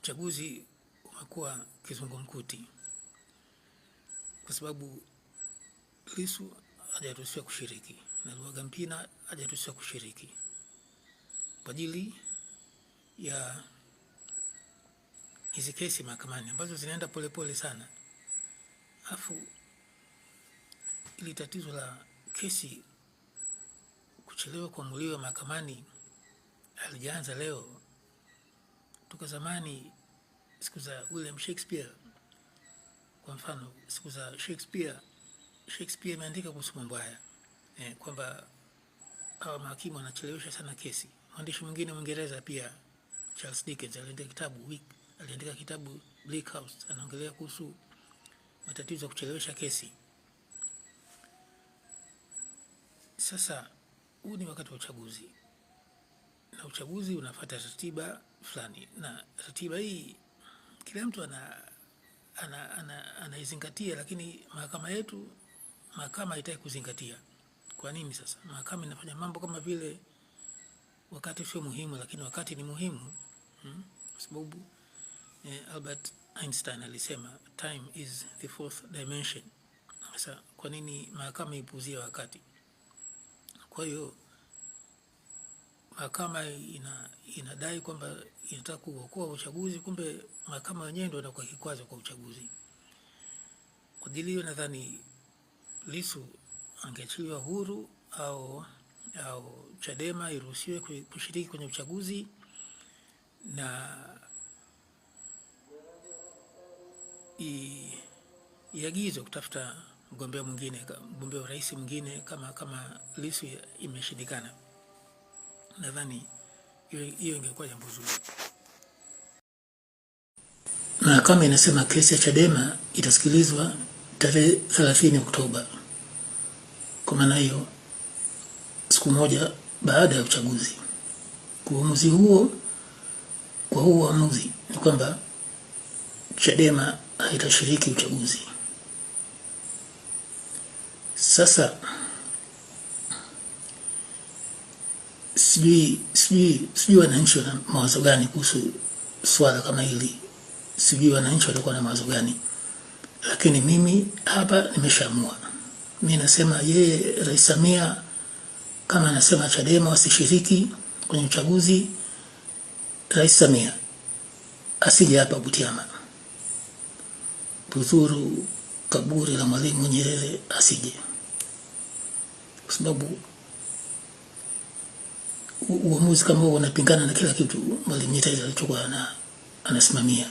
uchaguzi umekuwa kizungumkuti kwa sababu Lisu hajatusiwa kushiriki na Luhaga Mpina hajatusiwa kushiriki kwa ajili ya hizi kesi mahakamani ambazo zinaenda polepole sana, alafu ili tatizo la kesi kuchelewa kuamuliwa mahakamani alijaanza leo toka zamani, siku za William Shakespeare, kwa mfano, siku za Shakespeare, Shakespeare ameandika kuhusu mambo haya e, kwamba hawa mahakimu wanachelewesha sana kesi. Mwandishi mwingine Mwingereza pia Charles Dickens aliandika kitabu Week, aliandika kitabu Bleak House, anaongelea kuhusu matatizo ya kuchelewesha kesi. Sasa huu ni wakati wa uchaguzi na uchaguzi unafata ratiba fulani, na ratiba hii kila mtu anaizingatia ana, ana, ana, lakini mahakama yetu mahakama haitaki kuzingatia. Kwa nini sasa? Mahakama inafanya mambo kama vile wakati sio muhimu, lakini wakati ni muhimu hmm? Kwa sababu eh, Albert Einstein alisema time is the fourth dimension. Sasa kwa nini mahakama ipuzia wakati? Kwa hiyo mahakama ina, inadai kwamba inataka kuokoa uchaguzi, kumbe mahakama yenyewe ndio inakuwa kikwazo kwa uchaguzi. Kwa ajili hiyo nadhani Lissu angeachiliwa huru au, au Chadema iruhusiwe kushiriki kwenye uchaguzi na iagizwe kutafuta mgombea mwingine, mgombea urais mwingine kama, kama Lissu imeshindikana nadhani hiyo ingekuwa jambo zuri. Mahakama inasema kesi ya Chadema itasikilizwa tarehe 30 Oktoba. Kwa maana hiyo, siku moja baada ya uchaguzi. Kwa uamuzi huo, kwa huo uamuzi ni kwamba Chadema haitashiriki uchaguzi. Sasa sijui sijui sijui wananchi wana mawazo gani kuhusu swala kama hili, sijui wananchi walikuwa na mawazo gani, lakini mimi hapa nimeshaamua. Mimi nasema yeye, Rais Samia kama anasema Chadema wasishiriki kwenye uchaguzi, Rais Samia asije hapa Butiama kuzuru kaburi la Mwalimu Nyerere, asije kwa sababu uamuzi kama huo unapingana na kila kitu Mwalimu Nyerere alichokuwa anasimamia.